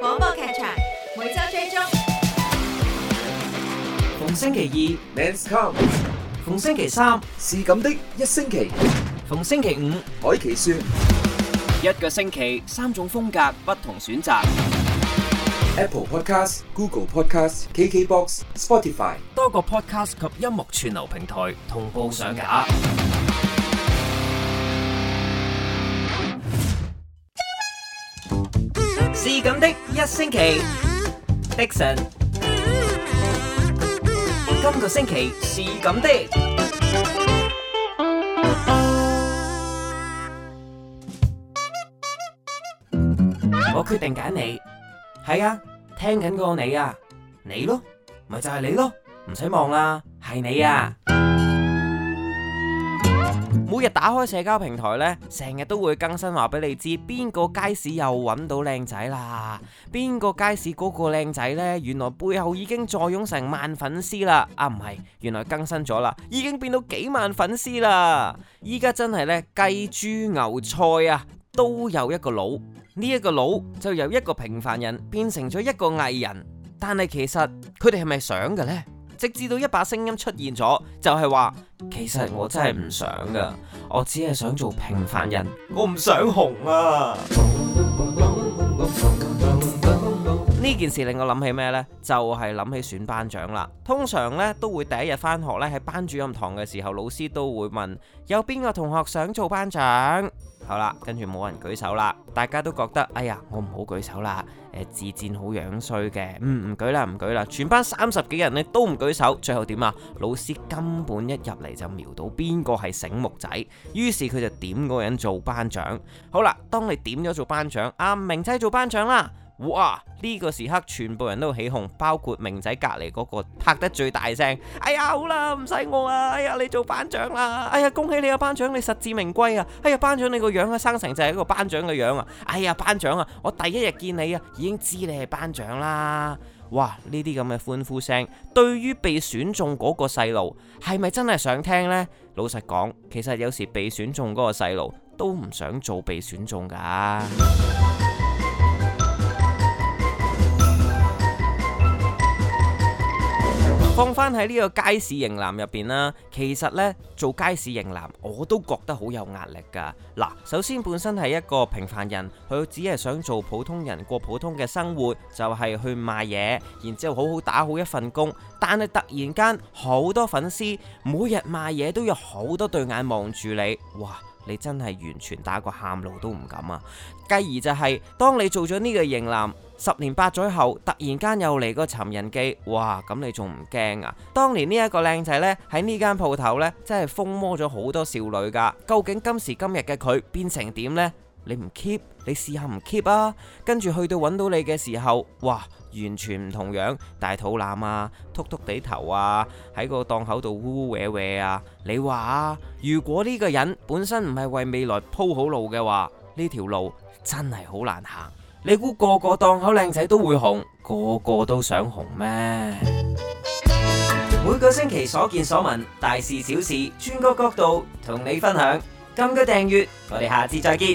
廣播劇場每周追蹤，逢星期二 Man's Come，逢星期三是咁的一星期，逢星期五海琪說，一個星期三種風格不同選擇，Apple Podcast、Google Podcast、KKBox、Spotify 多個 podcast 及音樂串流平台同步上架。是咁的，一星期，Dixon，今個星期是咁的，我決定揀你。係啊，聽緊嗰個你啊，你咯，咪就係你咯，唔使望啦，係你啊。每日打開社交平台咧，成日都會更新話俾你知邊個街市又搵到靚仔啦，邊個街市嗰個靚仔呢，原來背後已經坐擁成萬粉絲啦。啊，唔係，原來更新咗啦，已經變到幾萬粉絲啦。依家真係呢，雞豬牛菜啊，都有一個佬。呢、這、一個佬就由一個平凡人變成咗一個藝人，但係其實佢哋係咪想嘅呢？直至到一把聲音出現咗，就係話：其實我真係唔想㗎，我只係想做平凡人。我唔想紅啊！呢件事令我諗起咩呢？就係、是、諗起選班長啦。通常呢，都會第一日返學呢，喺班主任堂嘅時候，老師都會問有邊個同學想做班長？好啦，跟住冇人舉手啦，大家都覺得哎呀，我唔好舉手啦、呃，自薦好樣衰嘅，唔、嗯、唔舉啦唔舉啦，全班三十幾人呢都唔舉手，最後點啊？老師根本一入嚟，就瞄到邊個係醒目仔，於是佢就點嗰個人做班長。好啦，當你點咗做班長，阿、啊、明仔做班長啦。哇！呢個時刻，全部人都起哄，包括明仔隔籬嗰個拍得最大聲。哎呀，好啦，唔使我啦，哎呀，你做班長啦，哎呀，恭喜你啊，班長，你實至名歸啊，哎呀，班長你個樣啊，生成就係一個班長嘅樣啊，哎呀，班長啊，我第一日見你啊，已經知你係班長啦。哇！呢啲咁嘅歡呼聲，對於被選中嗰個細路，係咪真係想聽呢？老實講，其實有時被選中嗰個細路都唔想做被選中噶。放翻喺呢個街市型男入邊啦，其實呢，做街市型男我都覺得好有壓力噶。嗱，首先本身係一個平凡人，佢只係想做普通人過普通嘅生活，就係去賣嘢，然之後好好打好一份工。但係突然間好多粉絲，每日賣嘢都有好多對眼望住你，哇！你真係完全打個喊路都唔敢啊！繼而就係，當你做咗呢個型男，十年八載後突然間又嚟個尋人記，哇！咁你仲唔驚啊？當年呢一個靚仔呢，喺呢間鋪頭呢，真係瘋魔咗好多少女噶。究竟今時今日嘅佢變成點呢？你唔 keep，你試下唔 keep 啊！跟住去到搵到你嘅時候，哇，完全唔同樣，大肚腩啊，禿禿地頭啊，喺個檔口度嗚嗚嘢嘢啊！你話啊，如果呢個人本身唔係為未來鋪好路嘅話，呢條路真係好難行。你估個個檔口靚仔都會紅，個個都想紅咩？每個星期所見所聞，大事小事，轉個角度同你分享。㩒個訂閱，我哋下次再見。